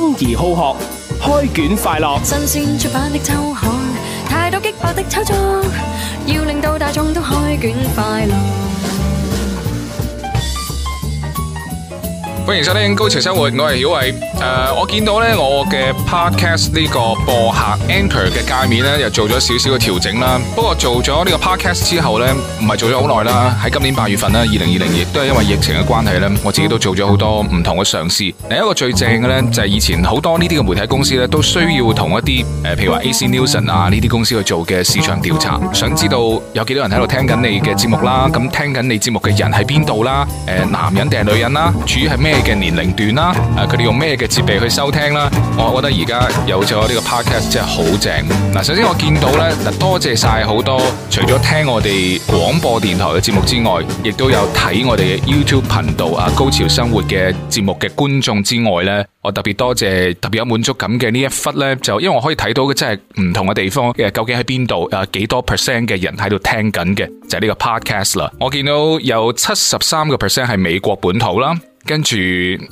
生而好學，開卷快樂。新鮮出版的周刊，太多激爆的炒作，要令到大眾都開卷快樂。歡迎收聽高情生活，我係曉慧。誒、呃，我見到呢，我嘅 podcast 呢個播客 anchor 嘅界面呢，又做咗少少嘅調整啦。不過做咗呢個 podcast 之後呢，唔係做咗好耐啦。喺今年八月份啦，二零二零亦都係因為疫情嘅關係呢，我自己都做咗好多唔同嘅嘗試。另一個最正嘅呢，就係、是、以前好多呢啲嘅媒體公司呢，都需要同一啲誒、呃，譬如話 AC Nielsen 啊呢啲公司去做嘅市場調查，想知道有幾多人喺度聽緊你嘅節目啦，咁聽緊你節目嘅人喺邊度啦，誒、呃，男人定係女人啦，處於係咩？嘅年齡段啦，誒、啊，佢哋用咩嘅設備去收聽啦？我覺得而家有咗呢個 podcast 真係好正。嗱，首先我見到呢，多謝晒好多，除咗聽我哋廣播電台嘅節目之外，亦都有睇我哋嘅 YouTube 頻道啊，高潮生活嘅節目嘅觀眾之外呢。我特別多謝，特別有滿足感嘅呢一忽呢，就因為我可以睇到嘅，真係唔同嘅地方嘅究竟喺邊度，誒、啊，幾多 percent 嘅人喺度聽緊嘅，就係、是、呢個 podcast 啦。我見到有七十三個 percent 係美國本土啦。跟住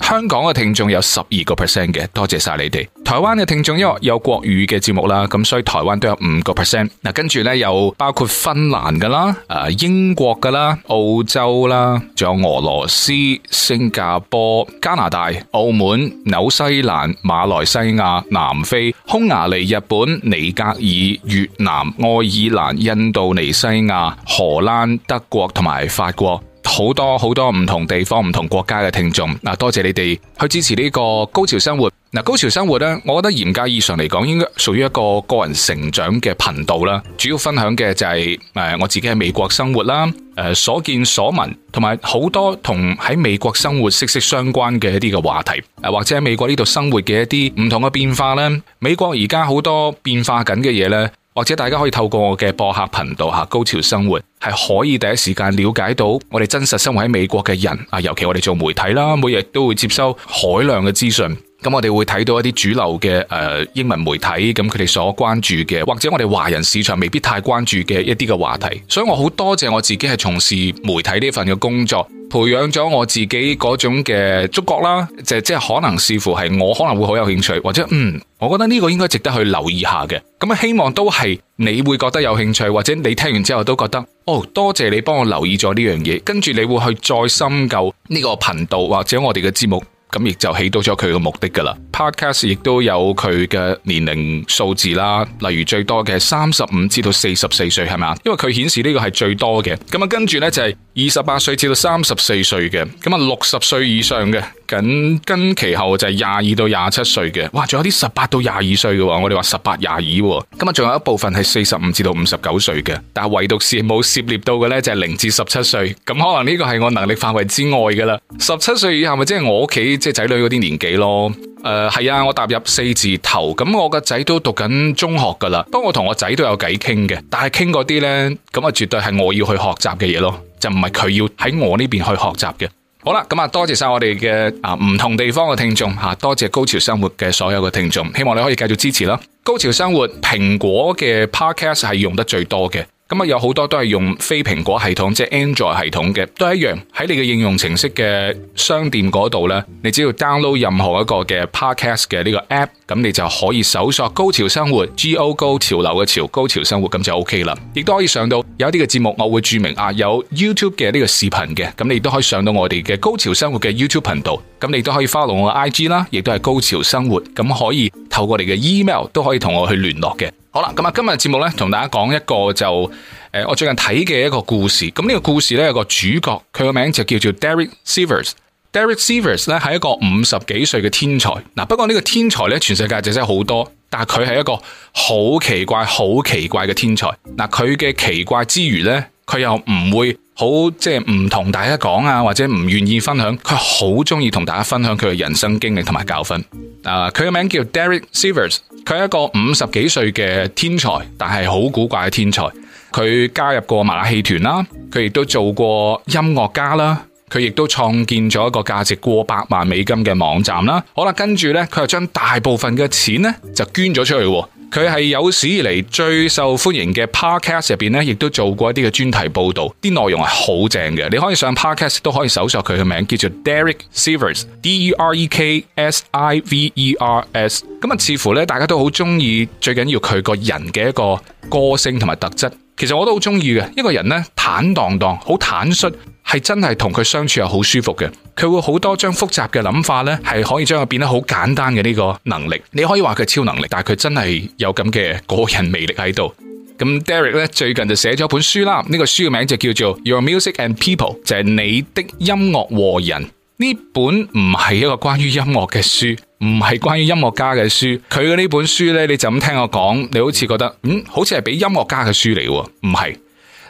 香港嘅聽眾有十二個 percent 嘅，多謝晒你哋。台灣嘅聽眾因為有國語嘅節目啦，咁所以台灣都有五個 percent。嗱，跟住咧有包括芬蘭㗎啦，誒英國㗎啦，澳洲啦，仲有俄羅斯、新加坡、加拿大、澳門、紐西蘭、馬來西亞、南非、匈牙利、日本、尼格爾、越南、愛爾蘭、印度尼西亞、荷蘭、德國同埋法國。好多好多唔同地方，唔同國家嘅聽眾，嗱，多謝你哋去支持呢個高潮生活。嗱，高潮生活呢，我覺得嚴格意義上嚟講，應該屬於一個個人成長嘅頻道啦。主要分享嘅就係誒，我自己喺美國生活啦，誒，所見所聞，同埋好多同喺美國生活息息相關嘅一啲嘅話題，誒，或者喺美國呢度生活嘅一啲唔同嘅變化咧。美國而家好多變化緊嘅嘢呢。或者大家可以透過我嘅播客頻道吓、啊，高潮生活係可以第一時間了解到我哋真實生活喺美國嘅人啊，尤其我哋做媒體啦，每日都會接收海量嘅資訊，咁我哋會睇到一啲主流嘅誒、呃、英文媒體，咁佢哋所關注嘅，或者我哋華人市場未必太關注嘅一啲嘅話題。所以我好多謝我自己係從事媒體呢份嘅工作，培養咗我自己嗰種嘅觸覺啦，即、就、係、是就是、可能視乎係我可能會好有興趣，或者嗯。我覺得呢個應該值得去留意下嘅，咁啊希望都係你會覺得有興趣，或者你聽完之後都覺得哦，多謝你幫我留意咗呢樣嘢，跟住你會去再深究呢個頻道或者我哋嘅節目，咁亦就起到咗佢嘅目的噶啦。Podcast 亦都有佢嘅年齡數字啦，例如最多嘅三十五至到四十四歲係咪啊？因為佢顯示呢個係最多嘅。咁啊跟住呢，就係二十八歲至到三十四歲嘅，咁啊六十歲以上嘅。緊跟其後就係廿二到廿七歲嘅，哇，仲有啲十八到廿二歲嘅喎，我哋話十八廿二，咁啊仲有一部分係四十五至到五十九歲嘅，但係唯獨是冇涉獵到嘅呢，就係零至十七歲，咁可能呢個係我能力範圍之外噶啦，十七歲以下咪即係我屋企即係仔女嗰啲年紀咯，誒、呃、係啊，我踏入四字頭，咁我個仔都讀緊中學噶啦，當我同我仔都有偈傾嘅，但係傾嗰啲呢，咁啊絕對係我要去學習嘅嘢咯，就唔係佢要喺我呢邊去學習嘅。好啦，咁啊，多謝晒我哋嘅啊唔同地方嘅聽眾吓，多謝高潮生活嘅所有嘅聽眾，希望你可以繼續支持啦。高潮生活蘋果嘅 Podcast 係用得最多嘅。咁啊，有好多都係用非蘋果系統，即係 Android 系統嘅，都一樣喺你嘅應用程式嘅商店嗰度咧，你只要 download 任何一個嘅 podcast 嘅呢個 app，咁你就可以搜索高潮生活，GO 高，潮流嘅潮，高潮生活咁就 OK 啦。亦都可以上到有啲嘅節目，我會注明啊，有 YouTube 嘅呢個視頻嘅，咁你亦都可以上到我哋嘅高潮生活嘅 YouTube 頻道，咁你都可以 follow 我嘅 IG 啦，亦都係高潮生活，咁可以透過你嘅 email 都可以同我去聯絡嘅。好啦，咁啊，今日節目咧，同大家講一個就誒、呃，我最近睇嘅一個故事。咁、嗯、呢、這個故事咧，有個主角，佢個名就叫做 Derek Sivers。Derek Sivers 咧，係一個五十幾歲嘅天才。嗱、啊，不過呢個天才咧，全世界就真係好多，但係佢係一個好奇怪、好奇怪嘅天才。嗱、啊，佢嘅奇怪之余咧。佢又唔會好即係唔同大家講啊，或者唔願意分享。佢好中意同大家分享佢嘅人生經歷同埋教訓。啊、呃，佢個名叫 Derek Sivers，佢係一個五十幾歲嘅天才，但係好古怪嘅天才。佢加入過馬戲團啦，佢亦都做過音樂家啦，佢亦都創建咗一個價值過百萬美金嘅網站啦。好啦，跟住呢，佢又將大部分嘅錢呢就捐咗出去。佢係有史以嚟最受歡迎嘅 podcast 入邊咧，亦都做過一啲嘅專題報道，啲內容係好正嘅。你可以上 podcast 都可以搜索佢嘅名，叫做 Derek Sivers，D E R E K S I V E R S。咁啊，v e R、S, 似乎咧大家都好中意，最緊要佢個人嘅一個個性同埋特質。其實我都好中意嘅，一個人咧坦蕩蕩，好坦率。係真係同佢相處係好舒服嘅，佢會好多將複雜嘅諗法呢，係可以將佢變得好簡單嘅呢個能力。你可以話佢超能力，但係佢真係有咁嘅個人魅力喺度。咁 Derek 呢最近就寫咗一本書啦，呢個書嘅名就叫做 Your Music and People，就係你的音樂和人。呢本唔係一個關於音樂嘅書，唔係關於音樂家嘅書。佢嘅呢本書呢，你就咁聽我講，你好似覺得嗯，好似係俾音樂家嘅書嚟，唔係。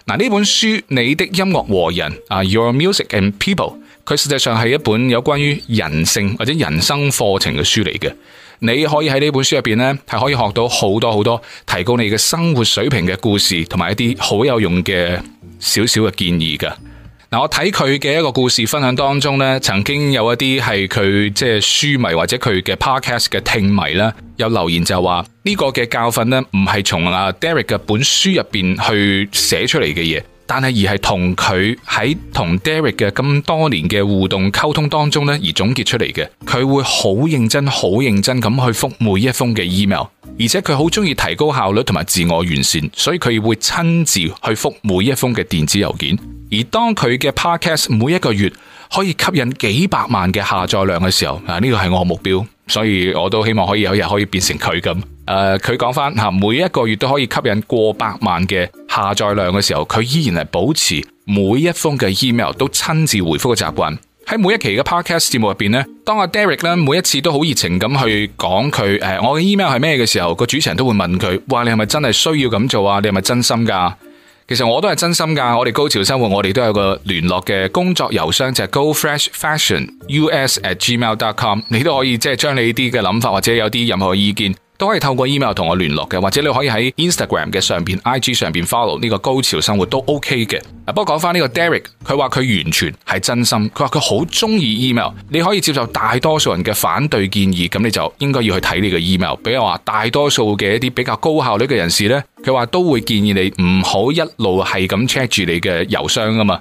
嗱呢本書你的音樂和人啊，Your Music and People，佢實際上係一本有關於人性或者人生課程嘅書嚟嘅。你可以喺呢本書入邊咧，係可以學到好多好多提高你嘅生活水平嘅故事，同埋一啲好有用嘅少少嘅建議噶。嗱，我睇佢嘅一個故事分享當中咧，曾經有一啲係佢即係書迷或者佢嘅 podcast 嘅聽迷啦，有留言就話呢、這個嘅教訓咧，唔係從阿 Derek 嘅本書入邊去寫出嚟嘅嘢，但係而係同佢喺同 Derek 嘅咁多年嘅互動溝通當中咧而總結出嚟嘅。佢會好認真、好認真咁去覆每一封嘅 email，而且佢好中意提高效率同埋自我完善，所以佢會親自去覆每一封嘅電子郵件。而當佢嘅 podcast 每一個月可以吸引幾百萬嘅下載量嘅時候，啊呢、這個係我目標，所以我都希望可以有一日可以變成佢咁。誒、呃，佢講翻吓，每一個月都可以吸引過百萬嘅下載量嘅時候，佢依然係保持每一封嘅 email 都親自回覆嘅習慣。喺每一期嘅 podcast 節目入邊咧，當阿 Derek 呢每一次都好熱情咁去講佢誒，我嘅 email 係咩嘅時候，個主持人都會問佢，話你係咪真係需要咁做啊？你係咪真心噶？其實我都係真心噶，我哋高潮生活，我哋都有個聯絡嘅工作郵箱，就係、是、gofreshfashionus@gmail.com，你都可以即係將你啲嘅諗法或者有啲任何的意見。都可以透過 email 同我聯絡嘅，或者你可以喺 Instagram 嘅上邊、IG 上邊 follow 呢個高潮生活都 OK 嘅。啊，不過講翻呢個 Derek，佢話佢完全係真心，佢話佢好中意 email。你可以接受大多數人嘅反對建議，咁你就應該要去睇你個 email。比如話大多數嘅一啲比較高效率嘅人士呢，佢話都會建議你唔好一路係咁 check 住你嘅郵箱啊嘛。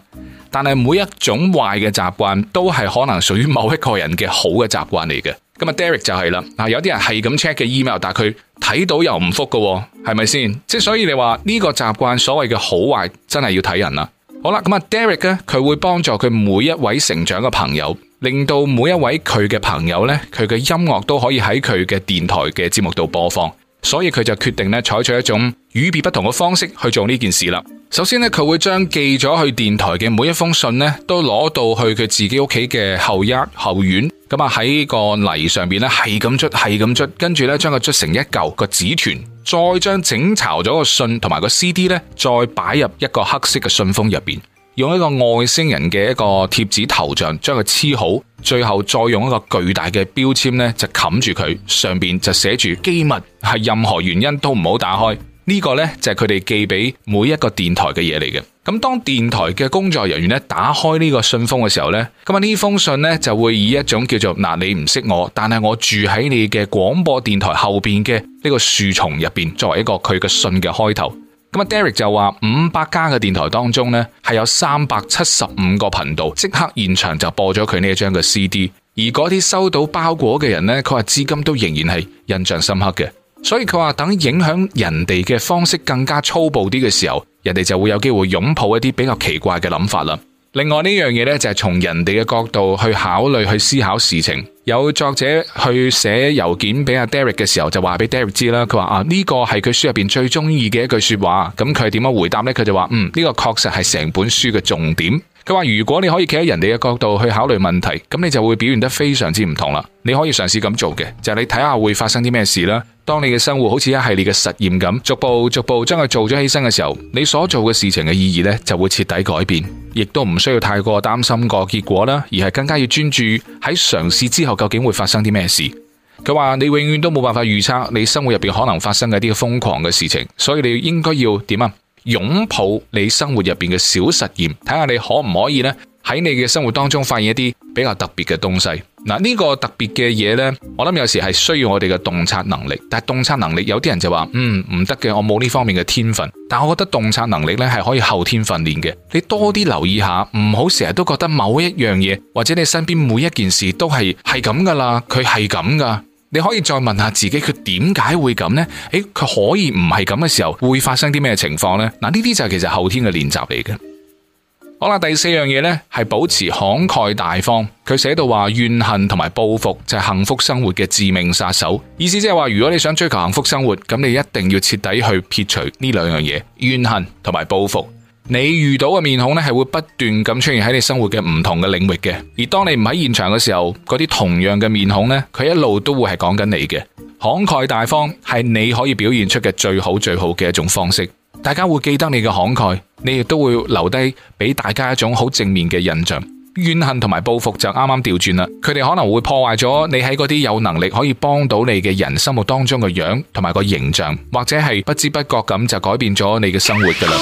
但係每一種壞嘅習慣，都係可能屬於某一個人嘅好嘅習慣嚟嘅。咁啊，Derek 就係啦，啊，有啲人係咁 check 嘅 email，但係佢睇到又唔覆噶，係咪先？即係所以你話呢個習慣所謂嘅好壞，真係要睇人啦。好啦，咁啊，Derek 咧，佢會幫助佢每一位成長嘅朋友，令到每一位佢嘅朋友咧，佢嘅音樂都可以喺佢嘅電台嘅節目度播放，所以佢就決定咧，採取一種與別不同嘅方式去做呢件事啦。首先咧，佢會將寄咗去電台嘅每一封信咧，都攞到去佢自己屋企嘅後一後院。咁啊，喺個泥上邊咧，係咁捽，係咁捽，跟住咧，將佢捽成一嚿個紙團，再將整巢咗個信同埋個 CD 咧，再擺入一個黑色嘅信封入邊，用一個外星人嘅一個貼紙頭像將佢黐好，最後再用一個巨大嘅標籤咧，就冚住佢，上邊就寫住機密，係任何原因都唔好打開。呢個呢，就係佢哋寄俾每一個電台嘅嘢嚟嘅。咁當電台嘅工作人員呢，打開呢個信封嘅時候呢，咁啊呢封信呢，就會以一種叫做嗱，你唔識我，但係我住喺你嘅廣播電台後邊嘅呢個樹叢入邊作為一個佢嘅信嘅開頭。咁啊、嗯、Derek 就話五百家嘅電台當中呢，係有三百七十五個頻道即刻現場就播咗佢呢一張嘅 CD。而嗰啲收到包裹嘅人呢，佢話至今都仍然係印象深刻嘅。所以佢話等，影響人哋嘅方式更加粗暴啲嘅時候，人哋就會有機會擁抱一啲比較奇怪嘅諗法啦。另外呢樣嘢呢，就係從人哋嘅角度去考慮、去思考事情。有作者去寫郵件俾阿 Derek 嘅時候，就話俾 Derek 知啦。佢話啊，呢個係佢書入邊最中意嘅一句說話。咁佢點樣回答呢？佢就話嗯，呢個確實係成本書嘅重點。佢話如果你可以企喺人哋嘅角度去考慮問題，咁你就會表現得非常之唔同啦。你可以嘗試咁做嘅，就係你睇下會發生啲咩事啦。當你嘅生活好似一系列嘅實驗咁，逐步逐步將佢做咗起身嘅時候，你所做嘅事情嘅意義呢就會徹底改變，亦都唔需要太過擔心個結果啦，而係更加要專注喺嘗試之後究竟會發生啲咩事。佢話你永遠都冇辦法預測你生活入邊可能發生嘅啲瘋狂嘅事情，所以你應該要點啊？擁抱你生活入邊嘅小實驗，睇下你可唔可以呢，喺你嘅生活當中發現一啲比較特別嘅東西。嗱，呢個特別嘅嘢呢，我諗有時係需要我哋嘅洞察能力。但係洞察能力有啲人就話，嗯，唔得嘅，我冇呢方面嘅天分。但我覺得洞察能力呢係可以後天訓練嘅。你多啲留意下，唔好成日都覺得某一樣嘢或者你身邊每一件事都係係咁噶啦，佢係咁噶。你可以再問下自己，佢點解會咁呢？誒，佢可以唔係咁嘅時候，會發生啲咩情況呢？嗱，呢啲就係其實後天嘅練習嚟嘅。好啦，第四樣嘢呢係保持慷慨大方。佢寫到話怨恨同埋報復就係幸福生活嘅致命殺手。意思即係話，如果你想追求幸福生活，咁你一定要徹底去撇除呢兩樣嘢，怨恨同埋報復。你遇到嘅面孔呢，係會不斷咁出現喺你生活嘅唔同嘅領域嘅。而當你唔喺現場嘅時候，嗰啲同樣嘅面孔呢，佢一路都會係講緊你嘅。慷慨大方係你可以表現出嘅最好最好嘅一種方式。大家會記得你嘅慷慨，你亦都會留低俾大家一種好正面嘅印象。怨恨同埋報復就啱啱調轉啦，佢哋可能會破壞咗你喺嗰啲有能力可以幫到你嘅人心目當中嘅樣同埋個形象，或者係不知不覺咁就改變咗你嘅生活噶啦。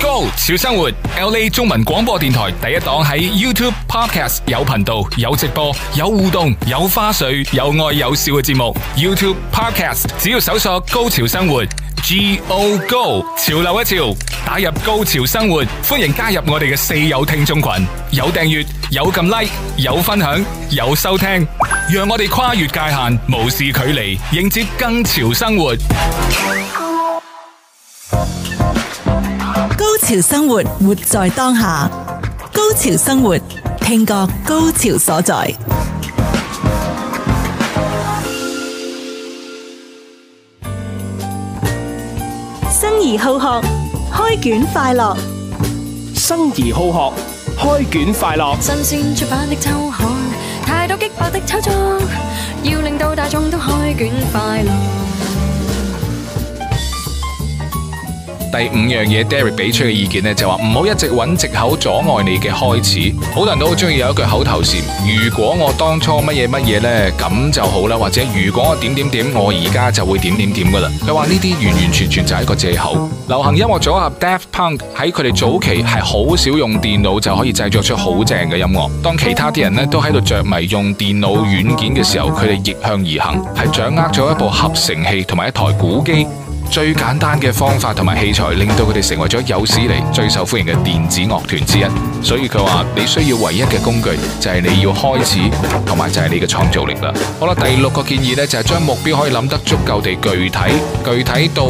Go 潮生活，LA 中文廣播電台第一檔喺 YouTube Podcast 有頻道、有直播、有互動、有花絮、有愛有笑嘅節目。YouTube Podcast 只要搜索高潮生活，Go Go 潮流一潮，打入高潮生活，歡迎加入我哋嘅四友聽眾群，有訂閱，有咁 like，有分享，有收聽，讓我哋跨越界限，無視距離，迎接更潮生活。高潮生活，活在當下。高潮生活，聽覺高潮所在。生而好學，開卷快樂。生而好學。開卷快樂，新鮮出版的周刊，太多激烈的炒作，要令到大眾都開卷快樂。第五樣嘢，Derek 俾出嘅意見咧，就話唔好一直揾藉口阻礙你嘅開始。好多人都好中意有一句口頭禪，如果我當初乜嘢乜嘢呢，咁就好啦。或者如果我點點點，我而家就會點點點噶啦。佢話呢啲完完全全就係一個藉口。流行音樂組合 Daft Punk 喺佢哋早期係好少用電腦就可以製作出好正嘅音樂。當其他啲人呢都喺度着迷用電腦軟件嘅時候，佢哋逆向而行，係掌握咗一部合成器同埋一台鼓機。最簡單嘅方法同埋器材，令到佢哋成為咗有史嚟，最受歡迎嘅電子樂團之一。所以佢話你需要唯一嘅工具就係是你要開始，同埋就係你嘅創造力啦。好啦，第六個建議呢就係將目標可以諗得足夠地具體，具體到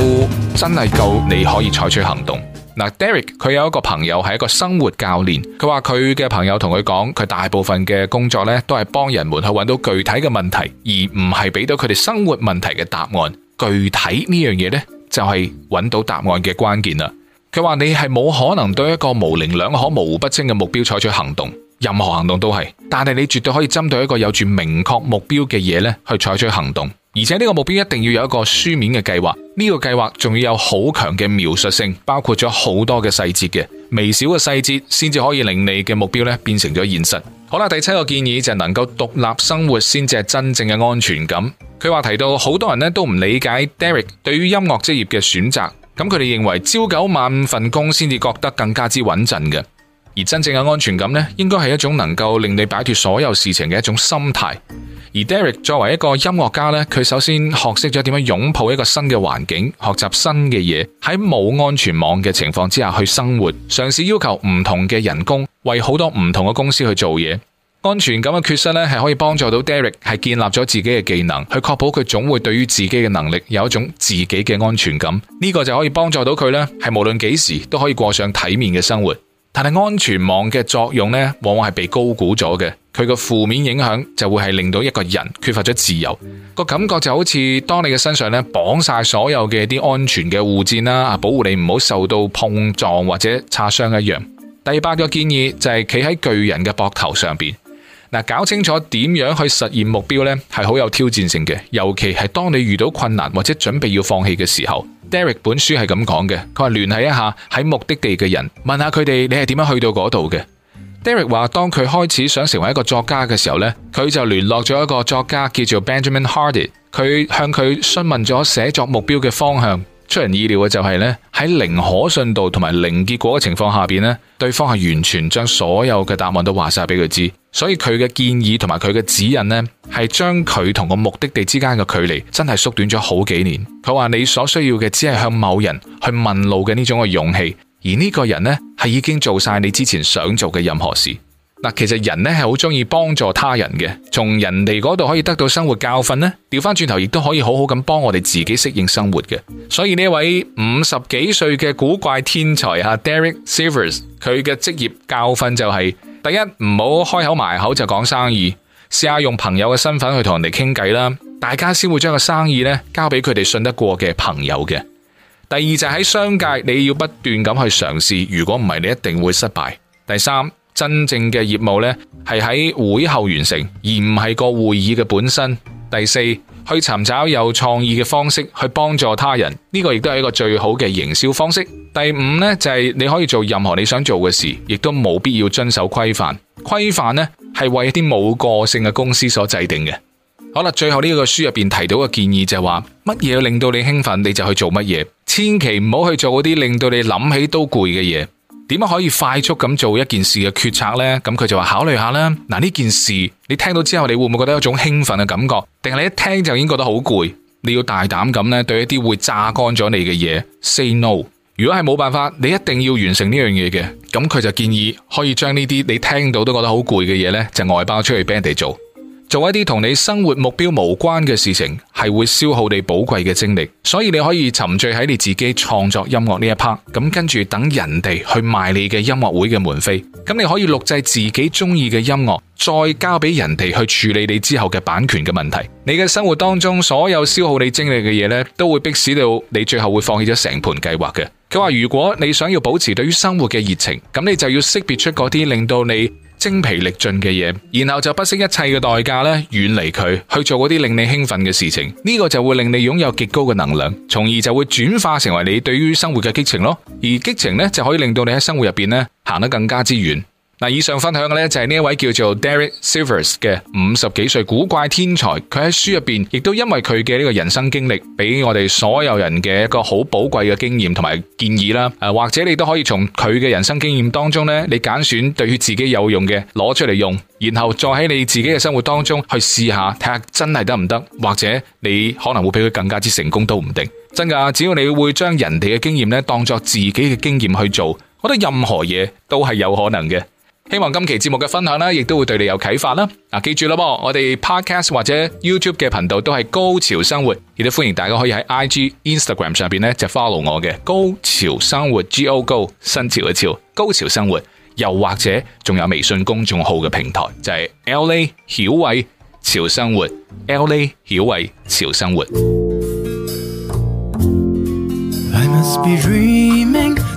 真係夠你可以採取行動。嗱，嗯，Derek 佢有一個朋友係一個生活教練，佢話佢嘅朋友同佢講，佢大部分嘅工作呢都係幫人們去搵到具體嘅問題，而唔係俾到佢哋生活問題嘅答案。具體呢樣嘢呢，就係揾到答案嘅關鍵啦。佢話你係冇可能對一個模棱兩可、模糊不清嘅目標採取行動，任何行動都係。但係你絕對可以針對一個有住明確目標嘅嘢呢去採取行動。而且呢個目標一定要有一個書面嘅計劃。呢個計劃仲要有好強嘅描述性，包括咗好多嘅細節嘅微小嘅細節，先至可以令你嘅目標咧變成咗現實。好啦，第七個建議就係能夠獨立生活，先至係真正嘅安全感。佢話提到，好多人咧都唔理解 Derek 對於音樂職業嘅選擇，咁佢哋認為朝九晚五份工先至覺得更加之穩陣嘅。而真正嘅安全感咧，應該係一種能夠令你擺脫所有事情嘅一種心態。而 Derek 作為一個音樂家咧，佢首先學識咗點樣擁抱一個新嘅環境，學習新嘅嘢，喺冇安全網嘅情況之下去生活，嘗試要求唔同嘅人工，為好多唔同嘅公司去做嘢。安全感嘅缺失咧，係可以幫助到 Derek 係建立咗自己嘅技能，去確保佢總會對於自己嘅能力有一種自己嘅安全感。呢個就可以幫助到佢咧，係無論幾時都可以過上體面嘅生活。但係安全網嘅作用呢，往往係被高估咗嘅，佢個負面影響就會係令到一個人缺乏咗自由，個感覺就好似當你嘅身上呢綁晒所有嘅啲安全嘅護墊啦，啊保護你唔好受到碰撞或者擦傷一樣。第八個建議就係企喺巨人嘅膊頭上邊。嗱，搞清楚點樣去實現目標呢，係好有挑戰性嘅，尤其係當你遇到困難或者準備要放棄嘅時候。Derek, Derek 本書係咁講嘅，佢話聯繫一下喺目的地嘅人，問下佢哋你係點樣去到嗰度嘅。Derek 話當佢開始想成為一個作家嘅時候呢，佢就聯絡咗一個作家叫做 Benjamin Hardy，佢向佢詢問咗寫作目標嘅方向。出人意料嘅就係呢，喺零可信度同埋零結果嘅情況下邊呢，對方係完全將所有嘅答案都話晒俾佢知，所以佢嘅建議同埋佢嘅指引呢，係將佢同個目的地之間嘅距離真係縮短咗好幾年。佢話你所需要嘅只係向某人去問路嘅呢種嘅勇氣，而呢個人呢，係已經做晒你之前想做嘅任何事。嗱，其實人咧係好中意幫助他人嘅，從人哋嗰度可以得到生活教訓咧，調翻轉頭亦都可以好好咁幫我哋自己適應生活嘅。所以呢位五十幾歲嘅古怪天才吓，Derek Sivers，佢嘅職業教訓就係：第一，唔好開口埋口就講生意，試下用朋友嘅身份去同人哋傾計啦，大家先會將個生意咧交俾佢哋信得過嘅朋友嘅。第二就係喺商界，你要不斷咁去嘗試，如果唔係，你一定會失敗。第三。真正嘅業務咧，係喺會後完成，而唔係個會議嘅本身。第四，去尋找有創意嘅方式去幫助他人，呢個亦都係一個最好嘅營銷方式。第五呢就係你可以做任何你想做嘅事，亦都冇必要遵守規範。規範咧係為一啲冇個性嘅公司所制定嘅。好啦，最後呢個書入邊提到嘅建議就係話，乜嘢令到你興奮，你就去做乜嘢，千祈唔好去做嗰啲令到你諗起都攰嘅嘢。點樣可以快速咁做一件事嘅決策呢？咁佢就話考慮下啦。嗱，呢件事，你聽到之後你會唔會覺得有種興奮嘅感覺？定係你一聽就已經覺得好攰？你要大膽咁呢，對一啲會榨乾咗你嘅嘢 say no。如果係冇辦法，你一定要完成呢樣嘢嘅，咁佢就建議可以將呢啲你聽到都覺得好攰嘅嘢呢，就外包出去俾人哋做。做一啲同你生活目標無關嘅事情，係會消耗你寶貴嘅精力。所以你可以沉醉喺你自己創作音樂呢一 part，咁跟住等人哋去賣你嘅音樂會嘅門飛，咁你可以錄製自己中意嘅音樂，再交俾人哋去處理你之後嘅版權嘅問題。你嘅生活當中所有消耗你精力嘅嘢咧，都會逼使到你最後會放棄咗成盤計劃嘅。佢話如果你想要保持對於生活嘅熱情，咁你就要識別出嗰啲令到你。精疲力盡嘅嘢，然後就不惜一切嘅代價呢，遠離佢去做嗰啲令你興奮嘅事情，呢、這個就會令你擁有極高嘅能量，從而就會轉化成為你對於生活嘅激情咯。而激情呢，就可以令到你喺生活入面呢，行得更加之遠。嗱，以上分享嘅咧就係呢一位叫做 Derek Sivers 嘅五十幾歲古怪天才，佢喺書入邊亦都因為佢嘅呢個人生經歷，俾我哋所有人嘅一個好寶貴嘅經驗同埋建議啦。誒，或者你都可以從佢嘅人生經驗當中咧，你揀選對於自己有用嘅攞出嚟用，然後再喺你自己嘅生活當中去試下，睇下真係得唔得？或者你可能會比佢更加之成功都唔定。真噶，只要你會將人哋嘅經驗咧當作自己嘅經驗去做，我覺得任何嘢都係有可能嘅。希望今期節目嘅分享呢，亦都會對你有啟發啦！嗱，啊，記住咯，我哋 Podcast 或者 YouTube 嘅頻道都係高潮生活，亦都歡迎大家可以喺 IG、Instagram 上邊呢，就 follow 我嘅高潮生活 G O 高新潮嘅潮，高潮生活，又或者仲有微信公眾號嘅平台就係、是、LA 曉偉潮生活，LA 曉偉潮生活。LA 曉